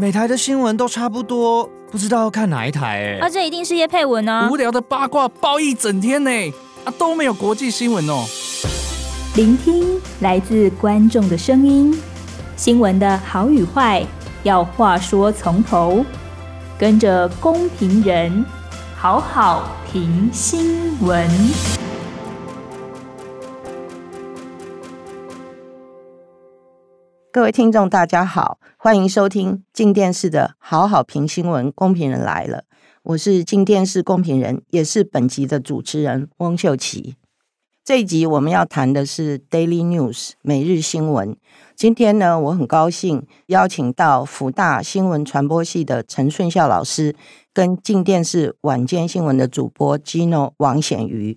每臺的新聞都差不多，不知道要看哪一台啊，這一定是葉佩文呢、啊。無聊的八卦爆一整天呢，啊都沒有國際新聞哦。聆聽來自觀眾的聲音，新聞的好與壞要話說從頭，跟着公評人好好評新聞。各位聽眾，大家好，歡迎收聽鏡電視的好好評新聞，公評人來了。我是鏡電視公評人，也是本集的主持人翁秀琪。這一集我們要談的是 Daily News 每日新聞。今天呢，我很高興邀請到輔大新聞傳播系的陳順孝老師，跟鏡電視晚間新聞的主播 Gino 王顯瑜。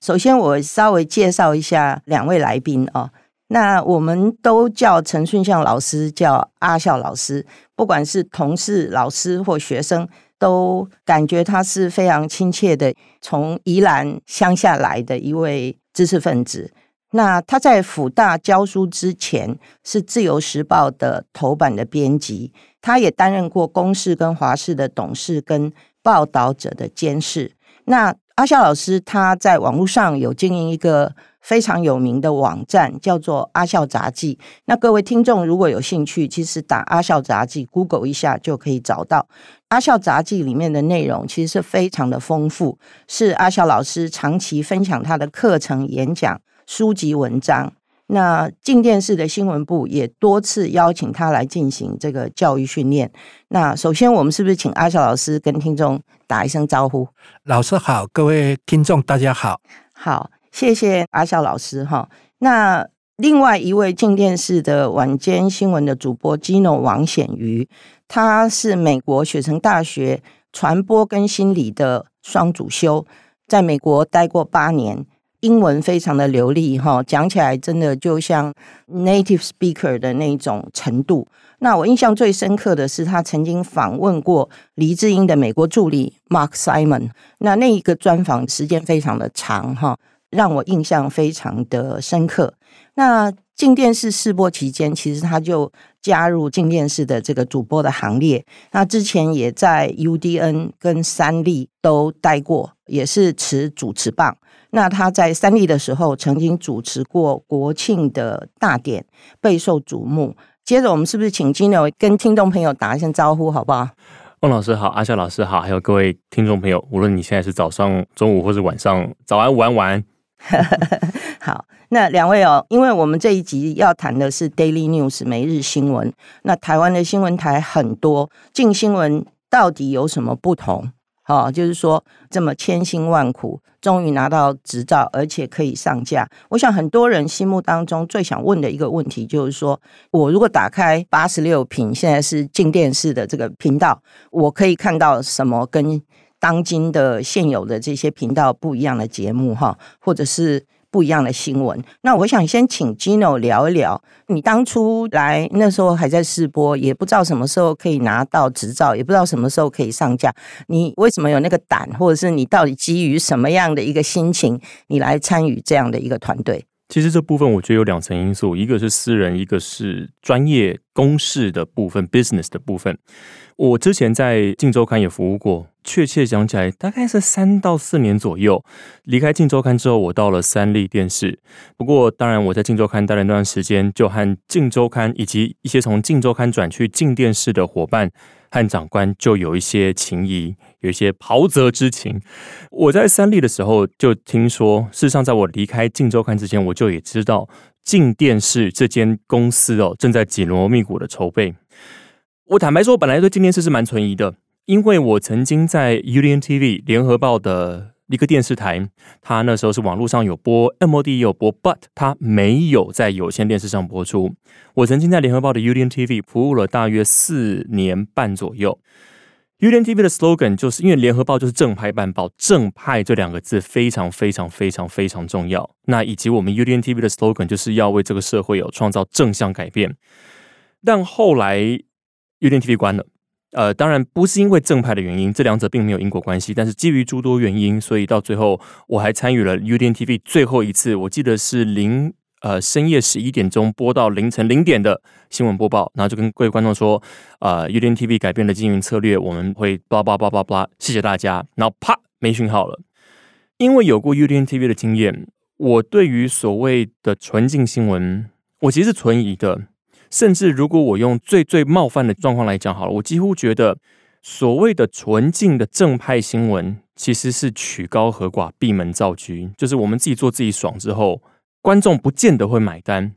首先，我稍微介紹一下兩位來賓哦。那我們都叫陳順孝老師，叫阿孝老師，不管是同事、老師或學生，都感覺他是非常親切的，從宜蘭鄉下來的一位知識分子。那他在輔大教書之前，是自由時報的頭版的編輯，他也擔任過公視跟華視的董事跟報道者的監事。那阿孝老師他在網絡上有經營一個。非常有名的網站叫做阿孝札記。那各位聽眾如果有興趣，其實打“阿孝札記 ”Google 一下就可以找到。阿孝札記裡面的內容其實是非常的豐富，是阿孝老師長期分享他的課程、演講、書籍、文章。那鏡電視的新聞部也多次邀請他來進行這個教育訓練。那首先，我們是不是請阿孝老師跟聽眾打一聲招呼？老師好，各位聽眾大家好，好。謝謝阿孝老師哈。那另外一位鏡電視的晚間新聞的主播基諾王顯瑜，他是美國雪城大學傳播跟心理的雙主修，在美國待過八年，英文非常的流利哈，講起來真的就像 native speaker 的那種程度。那我印象最深刻的是，他曾經訪問過黎智英的美國助理 Mark Simon，那那一個專訪時間非常的長哈。讓我印象非常的深刻。那鏡電視試播期間，其實他就加入鏡電視的這個主播的行列。那之前也在 UDN 跟三立都待過，也是持主持棒。那他在三立的時候，曾經主持過國慶的大典，備受矚目。接着，我們是不是請金牛跟聽眾朋友打一聲招呼，好不好？孟老師好，阿孝老師好，還有各位聽眾朋友，無論你現在是早上、中午或是晚上，早安，午安，晚安。 好，那兩位哦，因為我們這一集要談的是 Daily News 每日新聞。那台灣的新聞台很多，鏡新聞到底有什麼不同？好，哦，就是說這麼千辛萬苦，終於拿到執照，而且可以上架。我想很多人心目當中最想問的一個問題，就是說我如果打開八十六頻，現在是鏡電視的這個頻道，我可以看到什麼？跟當今的現有的這些頻道不一樣的節目哈，或者是不一樣的新聞。那我想先請 Gino 聊一聊，你當初來那時候還在試播，也不知道什麼時候可以拿到執照，也不知道什麼時候可以上架。你為什麼有那個膽，或者是你到底基於什麼樣的一個心情，你來參與這樣的一個團隊？其實這部分我覺得有兩層因素，一個是私人，一個是專業公事的部分 （business 的部分）。我之前在《鏡周刊》也服務過。確切講起來，大概是三到四年左右離開《鏡週刊》之後，我到了三立電視。不過，當然我在《鏡週刊》待了那段時間，就和《鏡週刊》以及一些從《鏡週刊》轉去鏡電視的伙伴和長官，就有一些情誼，有一些袍澤之情。我在三立的時候，就聽說，事實上，在我離開《鏡週刊》之前，我就也知道鏡電視這間公司哦，正在緊鑼密鼓的籌備。我坦白說，我本來對鏡電視是蠻存疑的。因為我曾經在 UDN TV 聯合報的一個電視台，它那時候是網絡上有播，MOD 也有播，but 它沒有在有線電視上播出。我曾經在聯合報的 UDN TV 服務了大約四年半左右。UDN TV 的 slogan 就是因為聯合報就是正派辦報，“正派”這兩個字非常、非常非常非常非常重要。那以及我們 UDN TV 的 slogan 就是要為這個社會有、哦、創造正向改變。但後來 UDN TV 關了。呃，當然不是因為正派的原因，這兩者並沒有因果關係。但是基於諸多原因，所以到最後我還參與了 UDN TV 最後一次，我記得是零，呃，深夜十一點鐘播到凌晨零點的新聞播報，然後就跟各位觀眾說，呃 UDN TV 改變了經營策略，我們會叭叭叭叭叭，謝謝大家，然後啪沒訊號了。因為有過 UDN TV 的經驗，我對於所謂的純淨新聞，我其實是存疑的。甚至，如果我用最最冒犯的狀況來講好了，我幾乎覺得所謂的純淨的正派新聞，其實是曲高和寡、閉門造車，就是我們自己做自己爽之後，觀眾不見得會買單。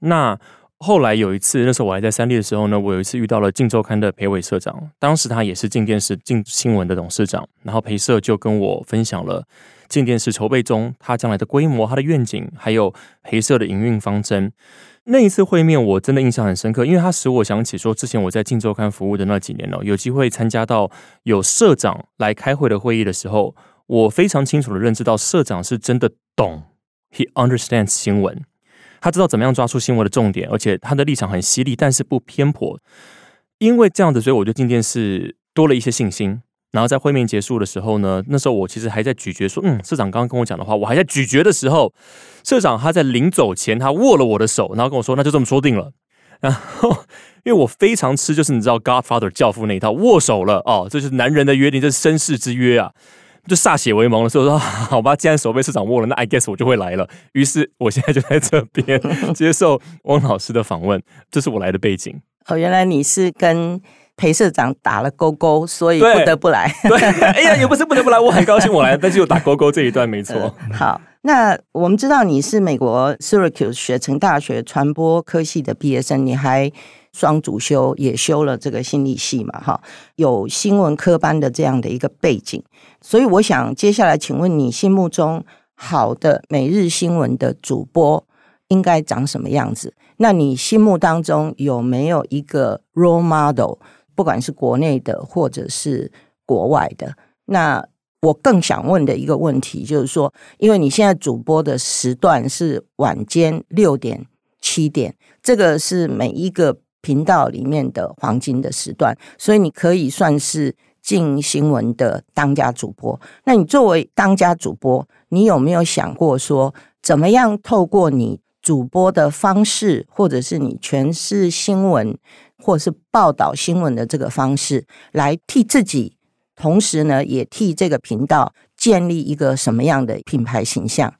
那後來有一次，那時候我還在三立的時候呢，我有一次遇到了《鏡周刊》的裴偉社長，當時他也是鏡電視鏡新聞的董事長，然後裴社就跟我分享了。鏡電視籌備中，他將來的規模、他的願景，還有黑色的營運方針。那一次會面，我真的印象很深刻，因為它使我想起說，之前我在《鏡週刊》服務的那幾年哦，有機會參加到有社長來開會的會議的時候，我非常清楚的認知到，社長是真的懂，He understands 新聞，他知道怎麼樣抓住新聞的重點，而且他的立場很犀利，但是不偏頗。因為這樣子，所以我對鏡電視多了一些信心。然後在會面結束的時候呢，那時候我其實還在咀嚼說，嗯，社長剛剛跟我講的話，我還在咀嚼的時候，社長他在臨走前他握了我的手，然後跟我說，那就這麼說定了。然後因為我非常吃，就是你知道 Godfather 教父那一套，握手了，哦，這就是男人的約定，這是紳士之約啊，就歃血為盟的時候說，好吧，既然手被社長握了，那 I guess 我就會來了。於是我現在就在這邊接受汪老師的訪問，這是我來的背景。哦，原來你是跟。裴社長打了勾勾，所以不得不來。對，對，哎呀，也不是不得不來， 我很高興我來，但是有打勾勾這一段沒錯，嗯。好，那我們知道你是美國 Syracuse 雪城大學傳播科系的畢業生，你還雙主修，也修了這個心理系嘛？哈，哦，有新聞科班的這樣的一個背景，所以我想接下來請問你心目中好的每日新聞的主播應該長什麼樣子？那你心目當中有沒有一個 role model？不管是國內的或者是國外的，那我更想問的一個問題就是說，因為你現在主播的時段是晚間六點七點，這個是每一個頻道裡面的黃金的時段，所以你可以算是鏡新聞的當家主播。那你作為當家主播，你有沒有想過說，怎麼樣透過你？主播的方式，或者是你詮釋新聞，或者是報道新聞的這個方式，來替自己，同時呢，也替這個頻道建立一個什麼樣的品牌形象？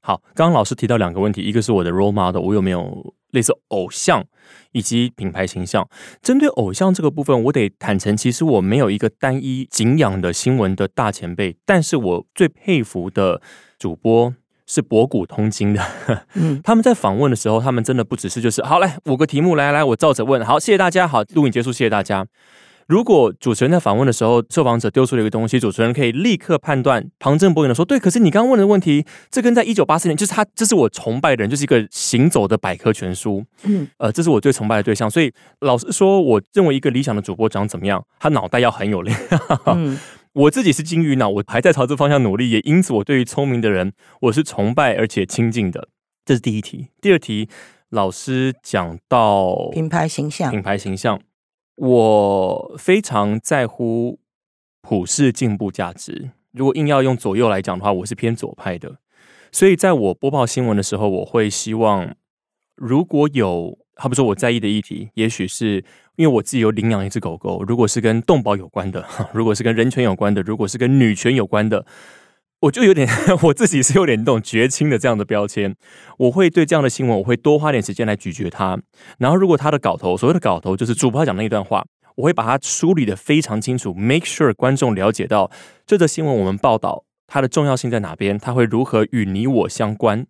好，剛剛老師提到兩個問題，一個是我的 role model，我有沒有類似偶像，以及品牌形象。針對偶像這個部分，我得坦誠，其實我沒有一個單一敬仰的新聞的大前輩，但是我最佩服的主播。是博古通今的、嗯，他們在訪問的時候，他們真的不只是就是好來五個題目來來，我照着問。好，謝謝大家。好，錄影結束，謝謝大家。如果主持人在訪問的時候，受訪者丟出了一個東西，主持人可以立刻判斷。旁徵博引的說，對，可是你剛剛問的問題，這跟在一九八四年，就是他，這是我崇拜的人，就是一個行走的百科全書。嗯，呃，這是我最崇拜的對象。所以老實說，我認為一個理想的主播長怎麼樣，他腦袋要很有量、 嗯。我自己是金魚腦，我還在朝這方向努力，也因此我對於聰明的人，我是崇拜而且親近的。這是第一題，第二題，老師講到品牌形象，品牌形象，我非常在乎普世進步價值。如果硬要用左右來講的話，我是偏左派的，所以在我播報新聞的時候，我會希望如果有。他不說我在意的議題，也許是因為我自己有領養一隻狗狗。如果是跟動保有關的，如果是跟人權有關的，如果是跟女權有關的，我就有點我自己是有點那種覺青的這樣的標籤。我會對這樣的新聞，我會多花點時間來咀嚼它。然後，如果他的稿頭，所謂的稿頭，就是主播講的那一段話，我會把它梳理得非常清楚，make sure 觀眾了解到這則新聞我們報道它的重要性在哪邊，它會如何與你我相關。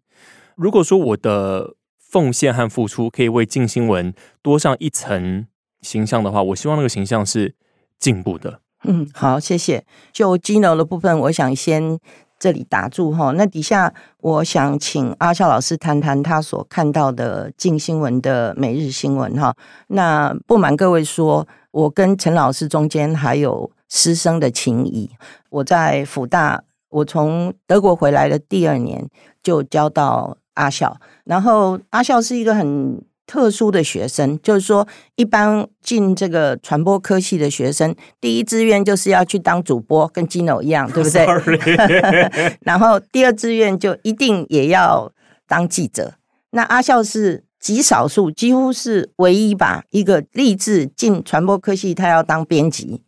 如果說我的。奉獻和付出可以為《鏡新聞多上一層形象的話，我希望那個形象是進步的。嗯，好，謝謝。就金能的部分，我想先這裡打住哈。那底下，我想請阿孝老師談談他所看到的《鏡新聞的每日新聞哈。那不瞞各位說，我跟陳老師中間還有師生的情誼。我在輔大，我從德國回來的第二年就教到。阿笑，然後阿笑是一個很特殊的學生，就是說，一般進這個傳播科系的學生，第一志願就是要去當主播，跟金 i 一樣，對不對？Sorry. 然後第二志願就一定也要當記者。那阿笑是極少數，幾乎是唯一吧，一個立志進傳播科系，他要當編輯。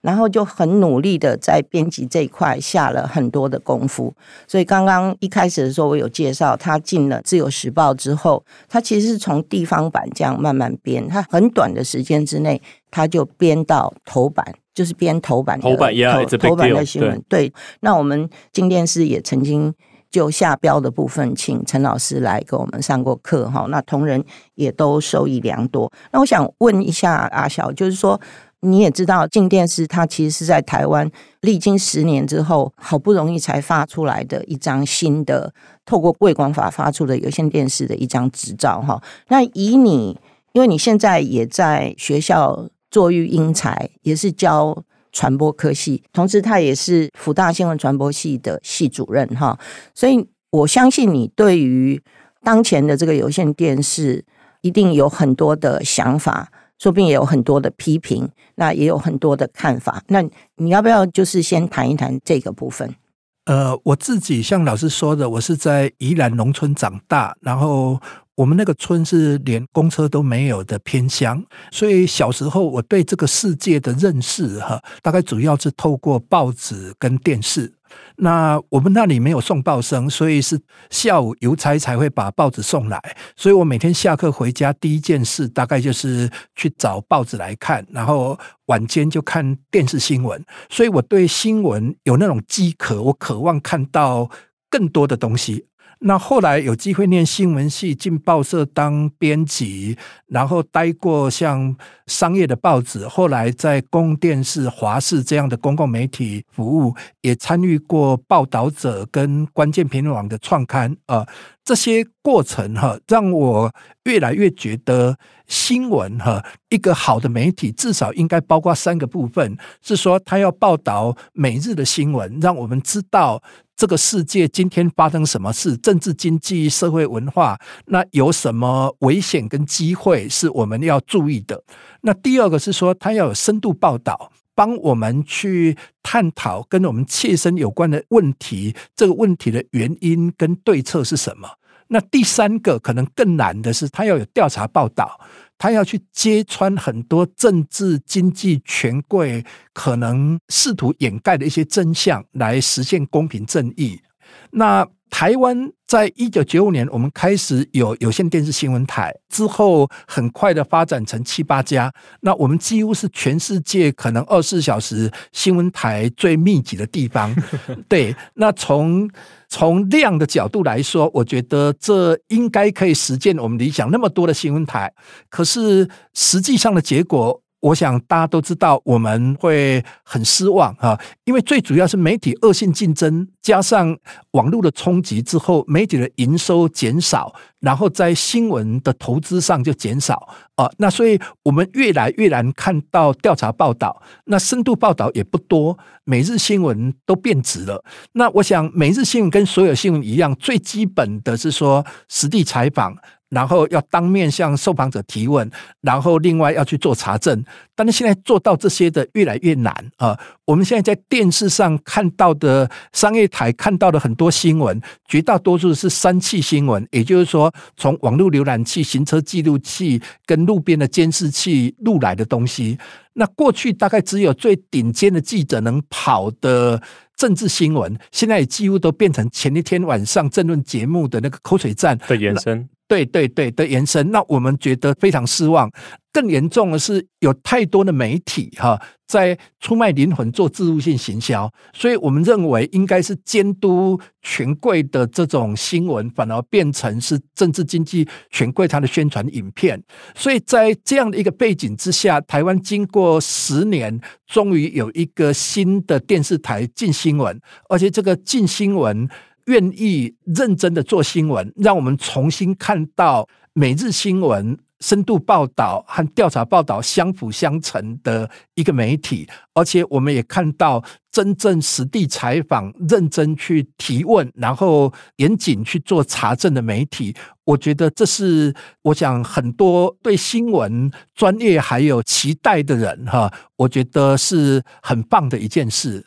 然後就很努力的在編輯這一塊下了很多的功夫，所以剛剛一開始的時候，我有介紹他進了《自由時報》之後，他其實是從地方版這樣慢慢編，他很短的時間之內，他就編到頭版，就是編頭版頭版頁頭，yeah, 頭版的新聞。對，對，那我們今天是也曾經就下標的部分，請陳老師來給我們上過課，哈，那同仁也都受益良多。那我想問一下阿小，就是說。你也知道，鏡電視它其實是在台灣歷經十年之後，好不容易才發出來的一張新的，透過《貴廣法》發出的有線電視的一張執照。哈，那以你，因為你現在也在學校作育英才，也是教傳播科系，同時他也是輔大新聞傳播系的系主任。哈，所以我相信你對於當前的這個有線電視，一定有很多的想法。說不定也有很多的批評，那也有很多的看法。那你要不要就是先談一談這個部分？呃，我自己像老師說的，我是在宜蘭農村長大，然後我們那個村是連公車都沒有的偏鄉，所以小時候我對這個世界的認識，哈，大概主要是透過報紙跟電視。那我們那裡沒有送報生，所以是下午郵差才會把報紙送來。所以我每天下課回家，第一件事大概就是去找報紙來看，然後晚間就看電視新聞。所以我對新聞有那種飢渴，我渴望看到更多的東西。那後來有機會念新聞系，進報社當編輯，然後待過像商業的報紙，後來在公電視、華視這樣的公共媒體服務，也參與過《報導者》跟《關鍵評論網》的創刊啊。呃這些過程哈，讓我越來越覺得新聞哈，一個好的媒體至少應該包括三個部分：是說，它要報道每日的新聞，讓我們知道這個世界今天發生什麼事；政治、經濟、社會、文化，那有什麼危險跟機會是我們要注意的。那第二個是說，它要有深度報道。幫我們去探討跟我們切身有關的問題，這個問題的原因跟對策是什麼？那第三個可能更難的是，他要有調查報道，他要去揭穿很多政治經濟權貴可能試圖掩蓋的一些真相，來實現公平正義。那台灣在一九九五年，我們開始有有線電視新聞台之後，很快的發展成七八家。那我們幾乎是全世界可能二十四小時新聞台最密集的地方。 對，那從從量的角度來說，我覺得這應該可以實現我們理想那麼多的新聞台。可是實際上的結果。我想大家都知道，我們會很失望啊，因為最主要是媒體惡性競爭，加上網絡的衝擊之後，媒體的營收減少，然後在新聞的投資上就減少啊。那所以我們越來越難看到調查報道，那深度報道也不多，每日新聞都變質了。那我想，每日新聞跟所有新聞一樣，最基本的是說實地採訪。然後要當面向受訪者提問，然後另外要去做查證。但是現在做到這些的越來越難啊、呃！我們現在在電視上看到的商業台看到的很多新聞，絕大多數是三器新聞，也就是說從網絡瀏覽器、行車記錄器跟路邊的監視器錄來的東西。那過去大概只有最頂尖的記者能跑的政治新聞，現在幾乎都變成前一天晚上政論節目的那個口水戰的延伸。對對對的延伸，那我們覺得非常失望。更嚴重的是，有太多的媒體哈在出賣靈魂做置入性行銷，所以我們認為應該是監督權貴的這種新聞，反而變成是政治經濟權貴他的宣傳影片。所以在這樣的一個背景之下，台灣經過十年，終於有一個新的電視台鏡新聞，而且這個鏡新聞。願意認真的做新聞，讓我們重新看到每日新聞深度報道和調查報道相輔相成的一個媒體，而且我們也看到真正實地採訪、認真去提問，然後嚴謹去做查證的媒體。我覺得這是我想很多對新聞專業還有期待的人哈，我覺得是很棒的一件事。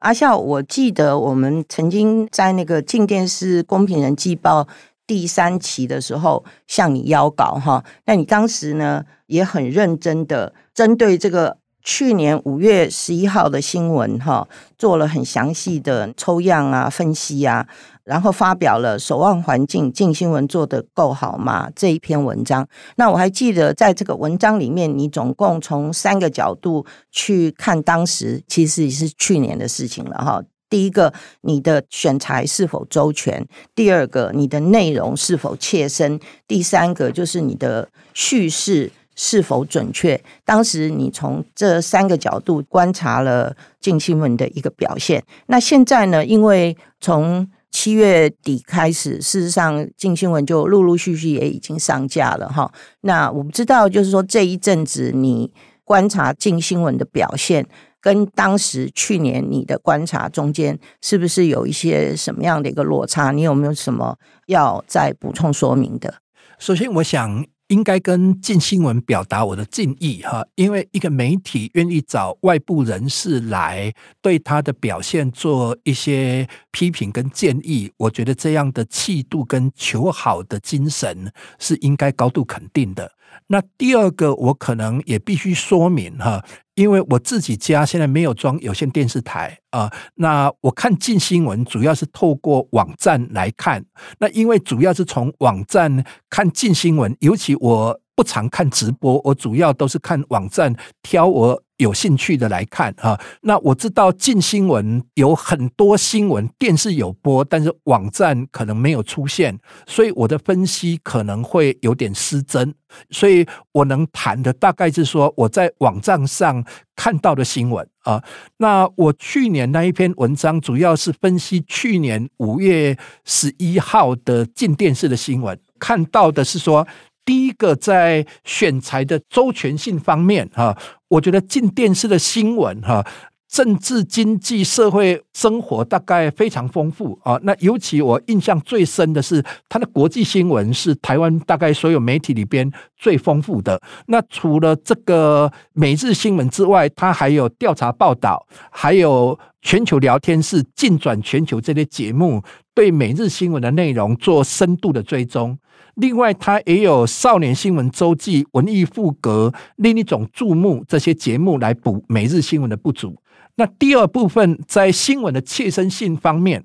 阿孝，我記得我們曾經在那個鏡電視《公評人》季報第三期的時候向你邀稿哈，那你當時呢也很認真的針對這個去年五月十一號的新聞哈做了很詳細的抽樣啊分析啊。然後發表了《守望環境》鏡新聞做得夠好嗎這一篇文章？那我還記得，在這個文章裡面，你總共從三個角度去看當時，其實是去年的事情了哈。第一個，你的選材是否周全；第二個，你的內容是否切身；第三個，就是你的敘事是否準確。當時你從這三個角度觀察了鏡新聞的一個表現。那現在呢？因為從七月底開始，事實上，鏡新聞就陸陸續續也已經上架了哈。那我不知道，就是說這一陣子你觀察鏡新聞的表現，跟當時去年你的觀察中間是不是有一些什麼樣的一個落差？你有沒有什麼要再補充說明的？首先，我想。應該跟鏡新聞表達我的敬意哈，因為一個媒體願意找外部人士來對他的表現做一些批評跟建議，我覺得這樣的氣度跟求好的精神是應該高度肯定的。那第二個，我可能也必須說明哈。因為我自己家現在沒有裝有線電視台啊、呃，那我看鏡新聞主要是透過網站來看。那因為主要是從網站看鏡新聞，尤其我。不常看直播，我主要都是看網站，挑我有興趣的來看啊。那我知道鏡新聞有很多新聞電視有播，但是網站可能沒有出現，所以我的分析可能會有點失真。所以我能談的大概是說我在網站上看到的新聞啊。那我去年那一篇文章主要是分析去年五月十一號的鏡電視的新聞，看到的是說。第一個在選材的周全性方面，哈，我覺得鏡電視的新聞，哈，政治、經濟、社會生活大概非常豐富啊。那尤其我印象最深的是，它的國際新聞是台灣大概所有媒體裡邊最豐富的。那除了這個每日新聞之外，它還有調查報道，還有全球聊天室、鏡轉全球這些節目，對每日新聞的內容做深度的追蹤。另外，它也有少年新聞、周記、文藝復格、另一種注目這些節目來補每日新聞的不足。那第二部分，在新聞的切身性方面，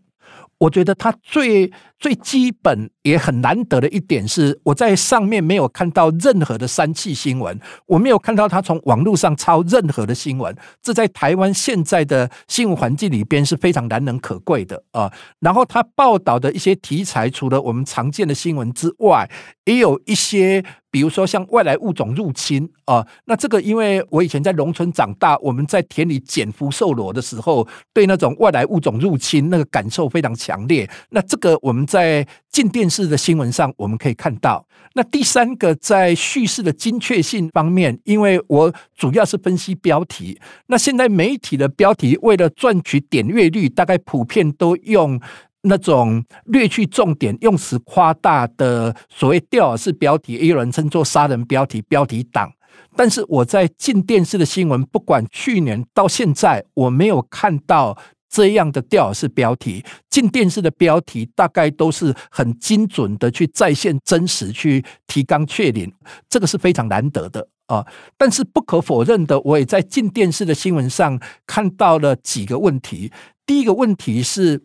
我覺得他最。最基本也很難得的一點是，我在上面沒有看到任何的三器新聞，我沒有看到他從網絡上抄任何的新聞。這在台灣現在的新聞環境裡邊是非常難能可貴的啊、呃。然後他報道的一些題材，除了我們常見的新聞之外，也有一些，比如說像外來物種入侵啊、呃。那這個，因為我以前在農村長大，我們在田裡撿福壽螺的時候，對那種外來物種入侵那個感受非常強烈。那這個我們。在鏡電視的新聞上，我們可以看到，那第三個在敘事的精確性方面，因為我主要是分析標題。那現在媒體的標題為了賺取點閱率，大概普遍都用那種略去重點、用詞誇大的所謂釣餌式標題，也有人稱作殺人標題、標題黨。但是我在鏡電視的新聞，不管去年到現在，我沒有看到。這樣的調是標題，鏡電視的標題大概都是很精準的去再現真實，去提綱挈領，這個是非常難得的啊、呃。但是不可否認的，我也在鏡電視的新聞上看到了幾個問題。第一個問題是，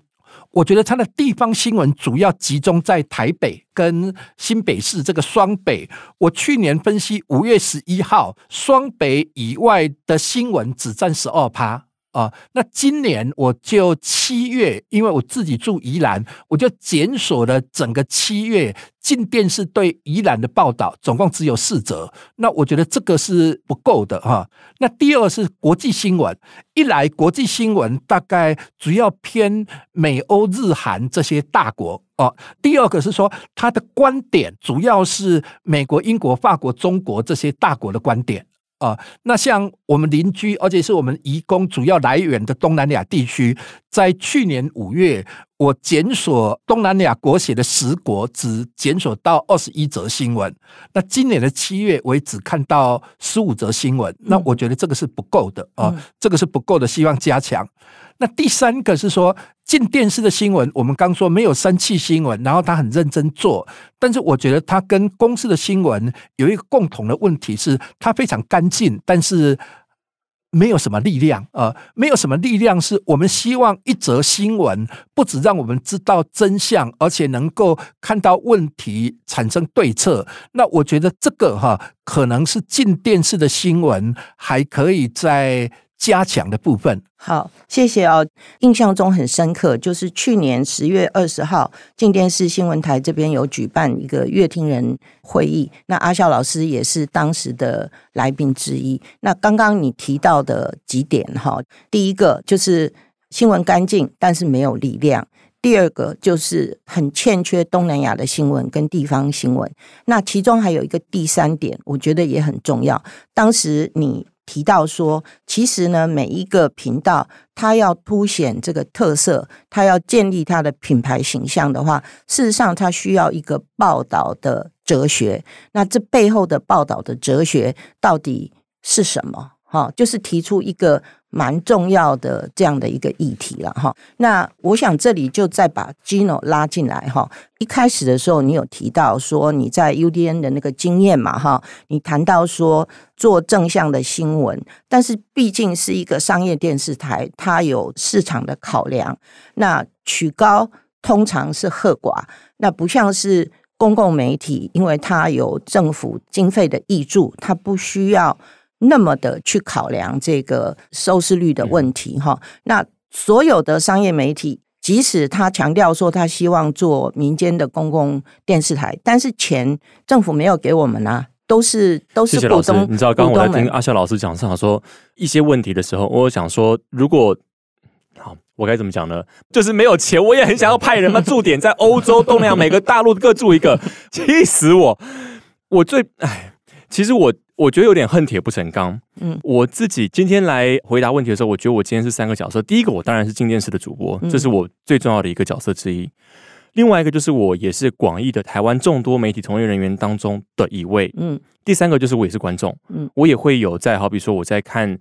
我覺得它的地方新聞主要集中在台北跟新北市這個雙北。我去年分析五月十一號雙北以外的新聞只佔十二趴。啊，那今年我就七月，因為我自己住宜蘭，我就檢索了整個七月鏡電視對宜蘭的報道，總共只有四則。那我覺得這個是不夠的哈，啊。那第二是國際新聞，一來國際新聞大概主要偏美歐日韓這些大國哦，啊，第二個是說他的觀點主要是美國、英國、法國、中國這些大國的觀點。啊、呃，那像我們鄰居，而且是我們移工主要來源的東南亞地區，在去年五月，我檢索東南亞國協的十國，只檢索到二十一則新聞。那今年的七月，我也只看到十五則新聞。那我覺得這個是不夠的啊、嗯哦，這個是不夠的，希望加強。那第三個是說，鏡電視的新聞，我們剛說沒有三氣新聞，然後他很認真做。但是我覺得他跟公司的新聞有一個共同的問題是，他非常乾淨，但是。沒有什麼力量啊，呃，沒有什麼力量。是我們希望一則新聞，不只讓我們知道真相，而且能夠看到問題，產生對策。那我覺得這個哈，可能是進電視的新聞，還可以在。加強的部分。好，謝謝哦。印象中很深刻，就是去年十月二十號，鏡電視新聞台這邊有舉辦一個閱聽人會議，那阿孝老師也是當時的來賓之一。那剛剛你提到的幾點哈，第一個就是新聞乾淨，但是沒有力量；第二個就是很欠缺東南亞的新聞跟地方新聞。那其中還有一個第三點，我覺得也很重要。當時你。提到說，其實呢，每一個頻道它要凸顯這個特色，它要建立它的品牌形象的話，事實上它需要一個報道的哲學。那這背後的報道的哲學到底是什麼？哈、哦，就是提出一個。蠻重要的這樣的一個議題了哈。那我想這裡就再把 Gino 拉進來哈。一開始的時候，你有提到說你在 UDN 的那個經驗嘛哈。你談到說做正向的新聞，但是畢竟是一個商業電視台，它有市場的考量。那曲高通常是和寡，那不像是公共媒體，因為它有政府經費的挹注，它不需要。那麼的去考量這個收視率的問題哈、嗯，那所有的商業媒體，即使他強調說他希望做民間的公共電視台，但是錢政府沒有給我們啊，都是都是股東謝謝。你知道，剛剛我在聽阿笑老師講，上說一些問題的時候，我想說，如果。好，我該怎麼講呢？就是沒有錢，我也很想要派人嘛，駐點在歐洲、 東洋、每個大陸各駐一個，氣死我！我最哎，其實我。我我覺得有點恨鐵不成鋼。嗯，我自己今天來回答問題的時候，我覺得我今天是三個角色。第一個，我當然是鏡電視的主播，這是我最重要的一個角色之一。另外一個就是我也是廣義的台灣眾多媒體從業人員當中的一位。嗯，第三個就是我也是觀眾。嗯，我也會有在，好比說我在看。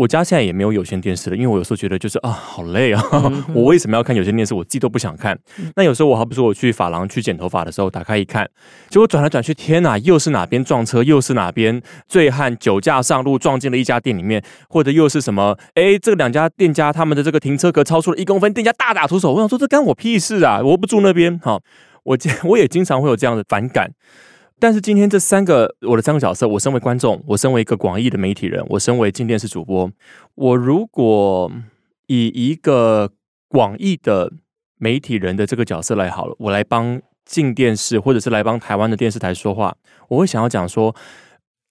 我家現在也沒有有線電視了，因為我有時候覺得就是啊，好累啊！ 我為什麼要看有線電視？我自己都不想看。那有時候我還不如我去髮廊去剪頭髮的時候打開一看，結果轉來轉去，天哪、啊！又是哪邊撞車，又是哪邊醉漢酒駕上路撞進了一家店裡面，或者又是什麼？哎、欸，這兩家店家他們的這個停車格超出了一公分，店家大打出手。我想說這干我屁事啊！我不住那邊，哈、啊，我我也經常會有這樣的反感。但是今天這三個我的三個角色，我身為觀眾，我身為一個廣義的媒體人，我身為鏡電視主播，我如果以一個廣義的媒體人的這個角色來好了，我來幫鏡電視或者是來幫台灣的電視台說話，我會想要講說，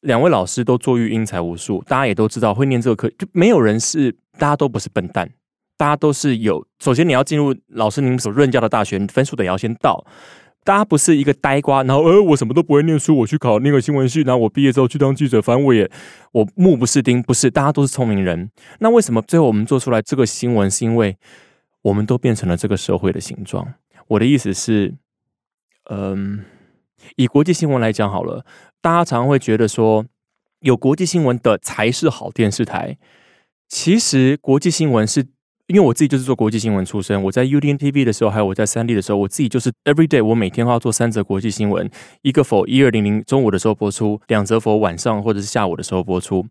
兩位老師都作育英才無數，大家也都知道會念這個課，就沒有人是，大家都不是笨蛋，大家都是有，首先你要進入老師您所任教的大學，你分數得要先到。大家不是一個呆瓜，然後呃，我什麼都不會念書，我去考那個新聞系，然後我畢業之後去當記者，反正我也我目不識丁，不是，大家都是聰明人。那為什麼最後我們做出來這個新聞，是因為我們都變成了這個社會的形狀？我的意思是，嗯、呃，以國際新聞來講好了，大家常常會覺得說，有國際新聞的才是好電視台。其實國際新聞是。因為我自己就是做國際新聞出身，我在 UDN TV 的時候，還有我在三立的時候，我自己就是 every day，我每天要做三則國際新聞，一個 for 1200中午的時候播出，兩則 for 晚上或者是下午的時候播出。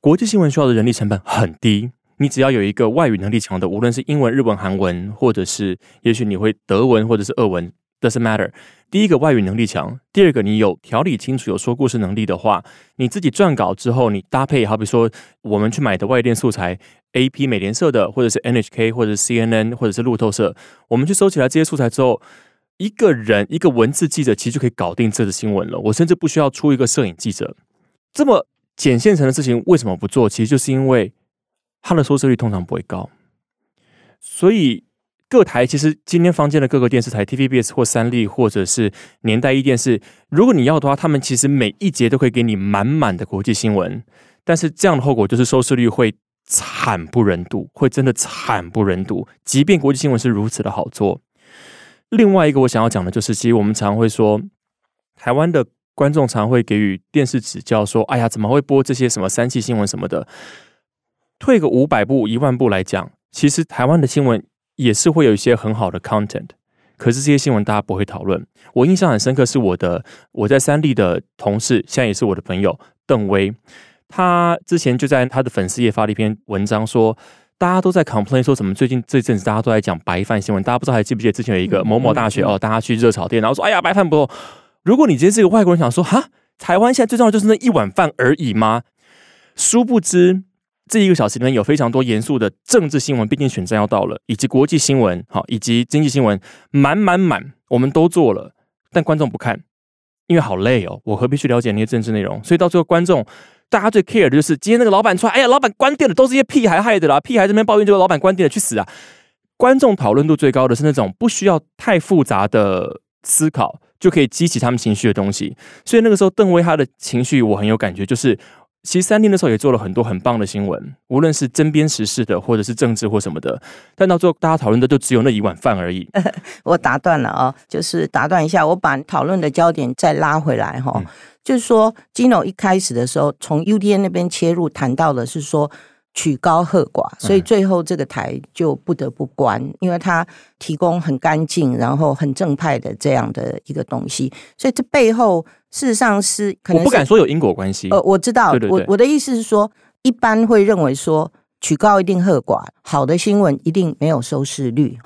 國際新聞需要的人力成本很低，你只要有一個外語能力強的，無論是英文、日文、韓文，或者是也許你會德文或者是俄文，doesn't matter。第一個外語能力強，第二個你有條理清楚、有說故事能力的話，你自己撰稿之後，你搭配好比說我們去買的外電素材。A P 美聯社的，或者是 N H K，或者是 C N N，或者是路透社，我們去收集來這些素材之後，一個人一個文字記者其實就可以搞定這個新聞了。我甚至不需要出一個攝影記者，這麼簡現成的事情為什麼不做？其實就是因為它的收視率通常不會高。所以各台其實今天坊間的各個電視台，T V B S 或三立，或者是年代壹電視，如果你要的話，他們其實每一節都可以給你滿滿的國際新聞，但是這樣的後果就是收視率會。慘不忍睹，會真的慘不忍睹。即便國際新聞是如此的好做，另外一個我想要講的就是，其實我們常會說，台灣的觀眾常會給予電視指教，說：“哎呀，怎麼會播這些什麼三器新聞什麼的？”退個五百步、一萬步來講，其實台灣的新聞也是會有一些很好的 content，可是這些新聞大家不會討論。我印象很深刻，是我的我在三立的同事，現在也是我的朋友鄧威。他之前就在他的粉絲頁發了一篇文章，說，大家都在 complain 說什麼最近這陣子大家都在講白飯新聞，大家不知道還記不記得之前有一個某某大學哦，大家去熱炒店，然後說哎呀白飯不夠。如果你今天是一個外國人，想說哈，台灣現在最重要的就是那一碗飯而已嗎？殊不知這一個小時裡面有非常多嚴肅的政治新聞，畢竟選戰要到了，以及國際新聞，好，以及經濟新聞，滿滿滿，我們都做了，但觀眾不看，因為好累哦，我何必去了解那些政治內容？所以到最後觀眾。大家最 care 的就是今天那個老闆出來，哎呀，老闆關店了，都是一些屁孩害的啦，屁孩這邊抱怨就老闆關店了，去死啊！觀眾討論度最高的是那種不需要太複雜的思考就可以激起他們情緒的東西，所以那個時候鄧威他的情緒我很有感覺，就是。其實三年的時候也做了很多很棒的新聞，無論是針砭時事的，或者是政治或什麼的，但到最後大家討論的就只有那一碗飯而已。 我打斷了啊、哦，就是打斷一下，我把討論的焦點再拉回來哈、哦，嗯、就是說，金融一開始的時候從 U D N 那邊切入談到的是說。曲高和寡，所以最後這個台就不得不關，嗯、因為它提供很乾淨、然後很正派的這樣的一個東西，所以這背後事實上是，是我不敢說有因果關係。呃，我知道，對對對，我我的意思是說，一般會認為說曲高一定和寡，好的新聞一定沒有收視率。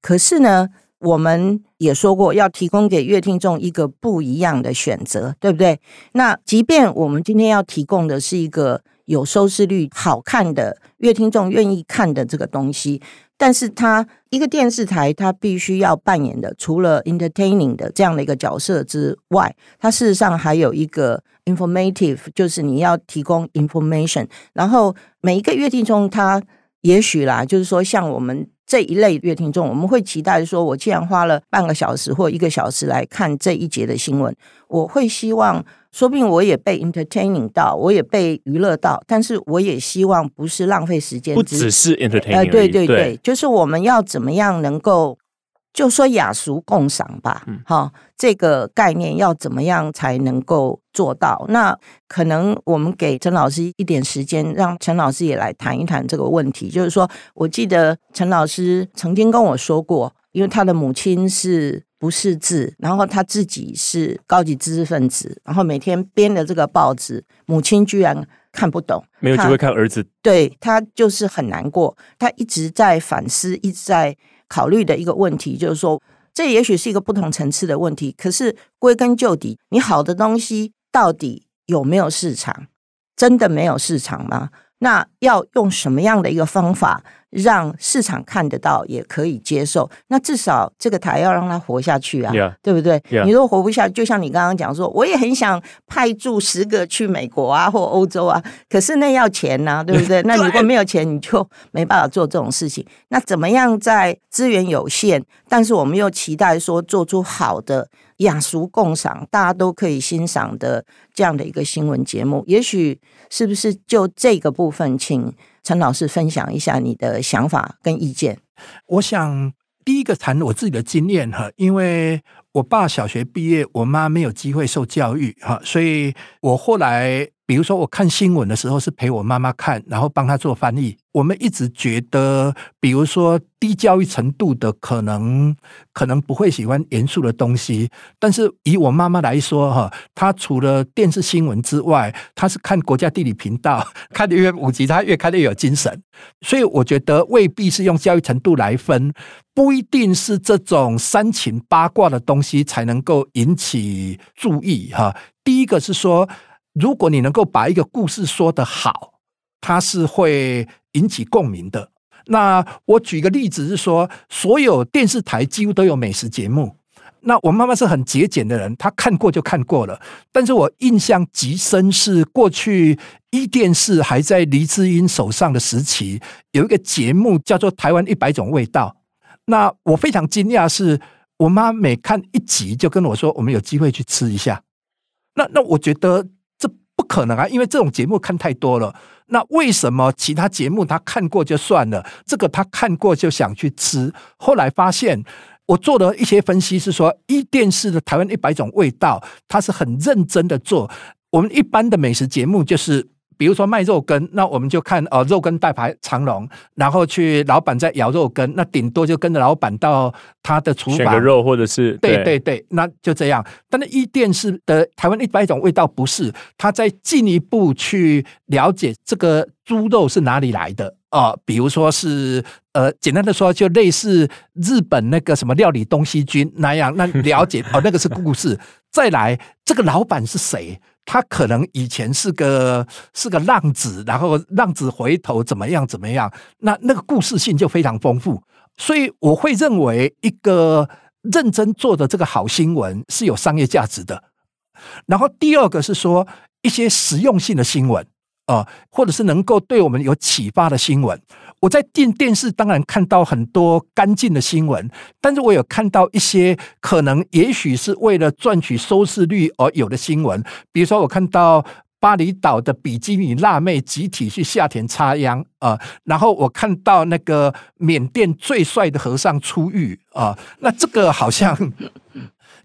可是呢，我們也說過要提供給閱聽眾一個不一樣的選擇，對不對？那即便我們今天要提供的是一個。有收視率，好看的閱聽眾願意看的這個東西，但是它一個電視台，它必須要扮演的除了 entertaining 的這樣的一個角色之外，它事實上還有一個 informative，就是你要提供 information。然後每一個閱聽眾，他也許啦，就是說像我們這一類閱聽眾，我們會期待說，我既然花了半個小時或一個小時來看這一節的新聞，我會希望。說不定我也被 entertaining 到，我也被娛樂到，但是我也希望不是浪費時間，不只是 entertaining、呃。對對對，對就是我們要怎麼樣能夠，就說雅俗共賞吧，好、嗯，這個概念要怎麼樣才能夠做到？那可能我們給陳老師一點時間，讓陳老師也來談一談這個問題。就是說我記得陳老師曾經跟我說過，因為他的母親是。不識字，然後他自己是高級知識分子，然後每天編的這個報紙，母親居然看不懂，沒有機會看兒子，他對他就是很難過。他一直在反思，一直在考慮的一個問題，就是說，這也許是一個不同層次的問題。可是歸根究底，你好的東西到底有沒有市場？真的沒有市場嗎？那要用什麼樣的一個方法？讓市場看得到，也可以接受。那至少這個台要讓它活下去啊，Yeah. 對不對？Yeah. 你如果活不下去，就像你剛剛講說，我也很想派駐十個去美國啊或歐洲啊，可是那要錢吶、啊，對不對？ 那如果沒有錢，你就沒辦法做這種事情。 那怎麼樣在資源有限，但是我們又期待說做出好的？雅俗共賞，大家都可以欣賞的這樣的一個新聞節目，也許是不是就這個部分，請陳老師分享一下你的想法跟意見？我想第一個談我自己的經驗哈，因為我爸小學畢業，我媽沒有機會受教育哈，所以我後來。比如說，我看新聞的時候是陪我媽媽看，然後幫她做翻譯。我們一直覺得，比如說低教育程度的可能可能不會喜歡嚴肅的東西，但是以我媽媽來說，哈，她除了電視新聞之外，她是看國家地理頻道，看的越五級，她越看的越有精神。所以我覺得未必是用教育程度來分，不一定是這種煽情八卦的東西才能夠引起注意。哈，第一個是說。如果你能夠把一個故事說得好，它是會引起共鳴的。那我舉個例子是說，所有電視台幾乎都有美食節目。那我媽媽是很節儉的人，她看過就看過了。但是我印象極深是過去一電視還在黎智英手上的時期，有一個節目叫做《台灣一百種味道》。那我非常驚訝是，是我媽每看一集就跟我說：“我們有機會去吃一下。那”那那我覺得。不可能啊，因為這種節目看太多了。那為什麼其他節目他看過就算了？這個他看過就想去吃，後來發現我做的一些分析，是說一電視的台灣一百種味道，他是很認真的做。我們一般的美食節目就是。比如說賣肉羹，那我們就看哦、呃，肉羹大排長龍，然後去老闆在咬肉羹，那頂多就跟着老闆到他的廚房選個肉，或者是對對對，對那就這樣。但那一店是的台灣一百種味道不是，他在進一步去了解這個豬肉是哪裡來的哦、呃，比如說是呃，簡單的說，就類似日本那個什麼料理東西軍那樣，那了解 哦，那個是故事。再來，這個老板是誰？他可能以前是個是個浪子，然後浪子回頭，怎麼樣怎麼樣？那那個故事性就非常豐富。所以我會認為，一個認真做的這個好新聞是有商業價值的。然後第二個是說一些實用性的新聞啊、呃，或者是能夠對我們有啟發的新聞。我在電電視當然看到很多乾淨的新聞，但是我有看到一些可能也許是為了賺取收視率而有的新聞，比如說我看到巴厘島的比基尼辣妹集體去下田插秧啊、呃，然後我看到那個緬甸最帥的和尚出獄啊、呃，那這個好像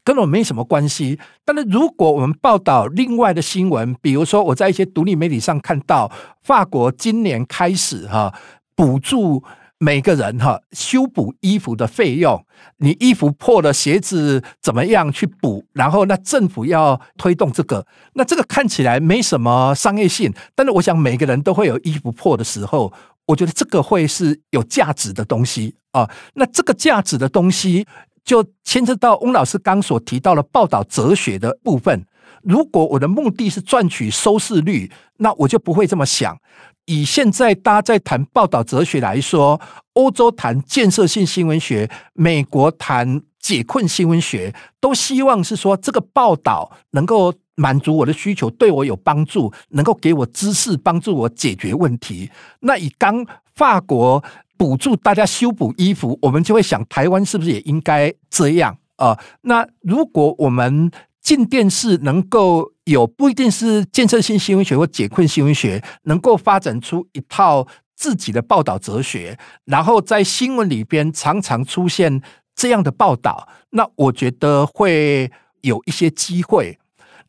跟我沒什麼關係。但是如果我們報道另外的新聞，比如說我在一些獨立媒體上看到法國今年開始哈。呃補助每個人哈，修補衣服的費用，你衣服破了，鞋子怎麼樣去補？然後那政府要推動這個，那這個看起來沒什麼商業性，但是我想每個人都會有衣服破的時候，我覺得這個會是有價值的東西啊。那這個價值的東西就牽涉到翁老師剛所提到的報道哲學的部分。如果我的目的是賺取收視率，那我就不會這麼想。以現在大家在談報道哲學來說，歐洲談建設性新聞學，美國談解困新聞學，都希望是說這個報道能夠滿足我的需求，對我有幫助，能夠給我知識，幫助我解決問題。那以剛法國補助大家修補衣服，我們就會想，台灣是不是也應該這樣啊？呃，那如果我們進電視能夠。有不一定是建設性新聞學或解困新聞學，能夠發展出一套自己的報道哲學，然後在新聞裡邊常常出現這樣的報道，那我覺得會有一些機會。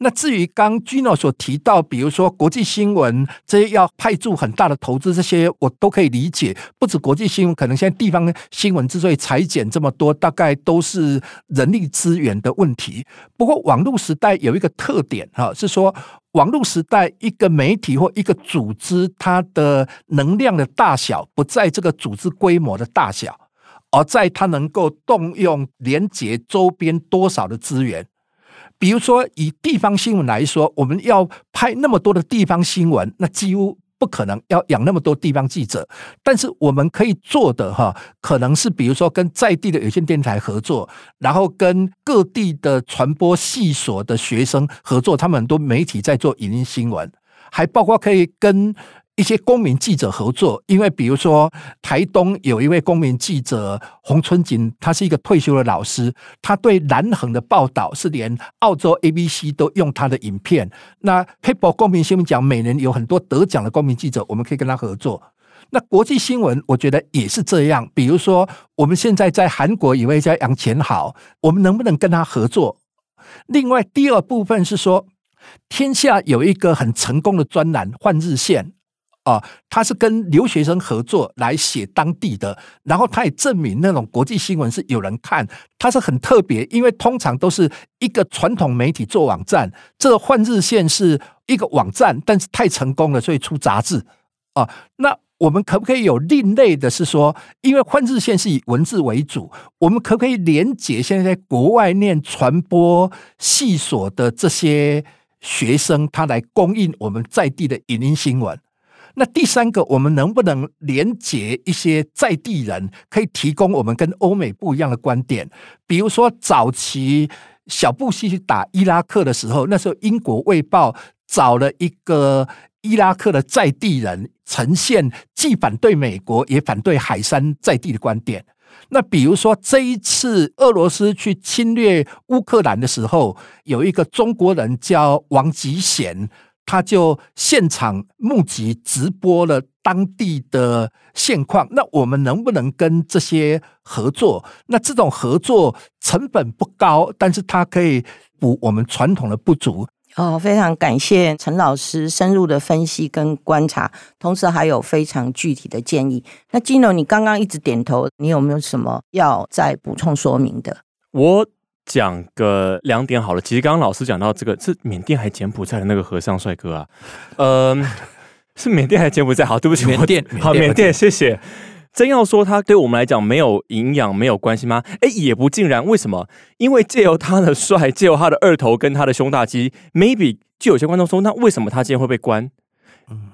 那至於剛剛 Gino 所提到，比如說國際新聞這些要派駐很大的投資，這些我都可以理解。不止國際新聞，可能現在地方新聞之所以裁減這麼多，大概都是人力資源的問題。不過網絡時代有一個特點哈，是說網絡時代一個媒體或一個組織，它的能量的大小不在這個組織規模的大小，而在它能夠動用連接周邊多少的資源。比如說，以地方新聞來說，我們要拍那麼多的地方新聞，那幾乎不可能要養那麼多地方記者。但是我們可以做的哈，可能是比如說跟在地的有線電台合作，然後跟各地的傳播系所的學生合作，他們很多媒體在做影音新聞，還包括可以跟。一些公民記者合作，因為比如說台東有一位公民記者洪春錦，他是一個退休的老師，他對南橫的報道是連澳洲 ABC 都用他的影片。那 PeoPo 公民新聞獎每年有很多得獎的公民記者，我們可以跟他合作。那國際新聞我覺得也是這樣，比如說我們現在在韓國有位叫楊虔豪，我們能不能跟他合作？另外第二部分是說，天下有一個很成功的專欄《換日線》。啊、哦，他是跟留學生合作來寫當地的，然後他也證明那種國際新聞是有人看。他是很特別，因為通常都是一個傳統媒體做網站，這個《換日線》是一個網站，但是太成功了，所以出雜誌。啊、哦，那我們可不可以有另類的？是說，因為《換日線》是以文字為主，我們可不可以連接現在在國外念傳播系所的這些學生，他來供應我們在地的影音新聞？那第三個，我們能不能連接一些在地人，可以提供我們跟歐美不一樣的觀點？比如說，早期小布希去打伊拉克的時候，那時候《英國衛報》找了一個伊拉克的在地人，呈現既反對美國也反對海珊在地的觀點。那比如說這一次俄羅斯去侵略烏克蘭的時候，有一個中國人叫王吉賢。他就現場募集直播了當地的現況，那我們能不能跟這些合作？那這種合作成本不高，但是它可以補我們傳統的不足。哦，非常感謝陳老師深入的分析跟觀察，同時還有非常具體的建議。那金龍，你剛剛一直點頭，你有沒有什麼要再補充說明的？我。講個兩點好了，其實剛剛老師講到這個，是緬甸還柬埔寨的那個和尚帥哥啊？嗯、呃，是緬甸還柬埔寨？好，對不起，緬甸，緬甸好緬甸,緬甸緬甸，謝謝。真要說他對我們來講沒有營養，沒有關係嗎？哎，也不盡然。為什麼？因為借由他的帥，借由他的二頭跟他的胸大肌，maybe 就有些觀眾說，那為什麼他今天會被關？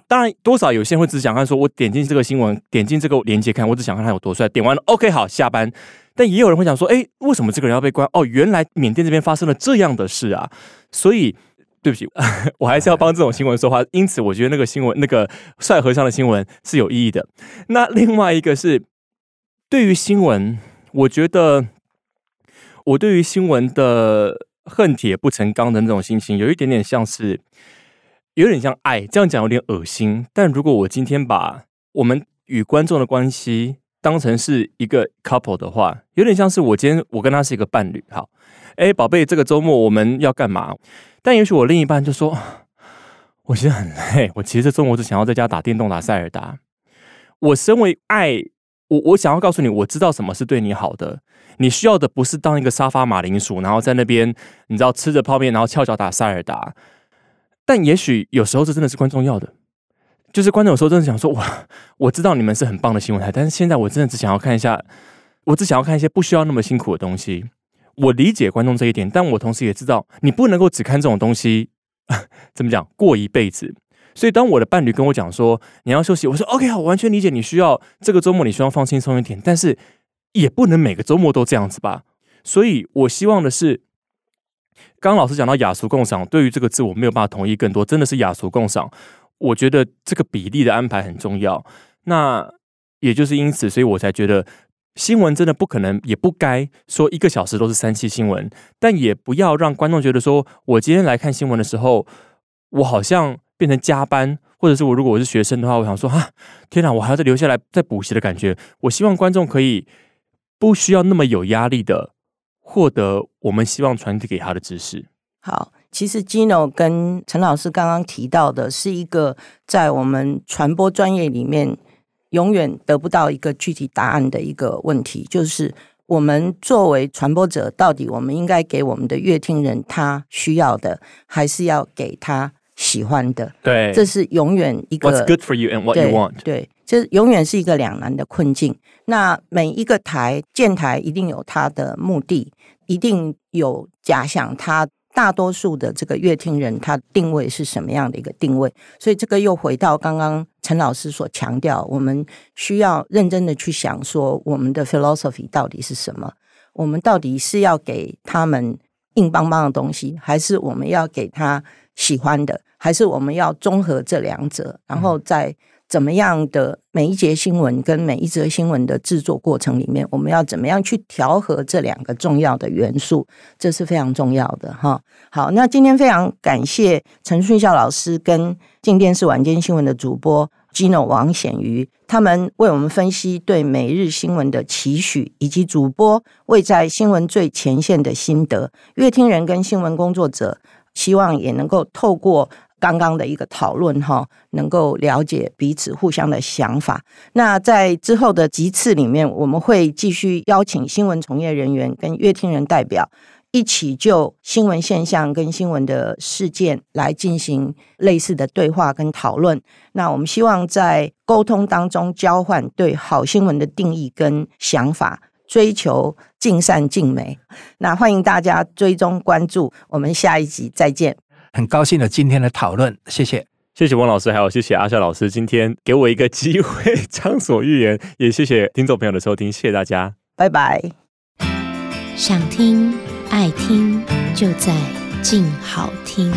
當然，多少有些人會只想看，說我點進這個新聞，點進這個連結看，我只想看他有多帥。點完了，OK，好，下班。但也有人會想說，哎，為什麼這個人要被關？哦，原來緬甸這邊發生了這樣的事啊！所以，對不起，呵呵，我還是要幫這種新聞說話。因此，我覺得那個新聞，那個帥和尚的新聞是有意義的。那另外一個是，對於新聞，我覺得我對於新聞的恨鐵不成鋼的那種心情，有一點點像是。有點像愛，這樣講有點噁心。但如果我今天把我們與觀眾的關係當成是一個 couple 的話，有點像是我今天我跟他是一個伴侶。好，哎，寶貝，這個周末我們要幹嘛？但也許我另一半就說，我現在很累，我其實中午只想要在家打電動、打塞爾達。我身為愛我，我想要告訴你，我知道什麼是對你好的。你需要的不是當一個沙發馬鈴薯，然後在那邊你知道吃着泡麵，然後翹腳打塞爾達。但也許有時候這真的是觀眾要的，就是觀眾有時候真的想說，哇，我知道你們是很棒的新聞台，但是現在我真的只想要看一下，我只想要看一些不需要那麼辛苦的東西。我理解觀眾這一點，但我同時也知道你不能夠只看這種東西，怎麼講，過一輩子。所以當我的伴侶跟我講說，你要休息，我說 OK，好，我完全理解你需要這個周末你需要放輕鬆一點，但是也不能每個周末都這樣子吧。所以我希望的是。剛剛老師講到雅俗共賞，對於這個字我沒有辦法同意更多，真的是雅俗共賞。我覺得這個比例的安排很重要。那也就是因此，所以我才覺得新聞真的不可能，也不該說一個小時都是三期新聞，但也不要讓觀眾覺得說我今天來看新聞的時候，我好像變成加班，或者是我如果我是學生的話，我想說哈、啊。天哪，我還要再留下來再補習的感覺。我希望觀眾可以不需要那麼有壓力的。獲得我們希望傳遞給他的知識。好，其實 Gino 跟陳老師剛剛提到的是一個在我們傳播專業裡面永遠得不到一個具體答案的一個問題，就是我們作為傳播者，到底我們應該給我們的閱聽人他需要的，還是要給他喜歡的？對，這是永遠一個。What's good for you and what you want？對，對，這永遠是一個兩難的困境。那每一個台建台一定有它的目的。一定有假想，他大多數的這個閱聽人，他定位是什麼樣的一個定位？所以這個又回到剛剛陳老師所強調，我們需要認真的去想，說我們的 philosophy 到底是什麼？我們到底是要給他們硬邦邦的東西，還是我們要給他喜歡的？還是我們要綜合這兩者，然後再？嗯怎麼樣的每一節新聞跟每一則新聞的製作過程裡面，我們要怎麼樣去調和這兩個重要的元素？這是非常重要的哈。好，那今天非常感謝陳順孝老師跟《鏡電視晚間新聞》的主播 Gino 王顯瑜，他們為我們分析對每日新聞的期許，以及主播位在新聞最前線的心得。閱聽人跟新聞工作者，希望也能夠透過。剛剛的一個討論哈，能夠了解彼此互相的想法。那在之後的集次裡面，我們會繼續邀請新聞從業人員跟閱聽人代表一起就新聞現象跟新聞的事件來進行類似的對話跟討論。那我們希望在溝通當中交換對好新聞的定義跟想法，追求盡善盡美。那歡迎大家追蹤關注，我們下一集再見。很高興的今天的討論，謝謝，謝謝王老師，還有謝謝阿孝老師，今天給我一個機會暢所欲言，也謝謝聽眾朋友的收聽，謝謝大家，拜拜。想聽愛聽就在鏡好聽。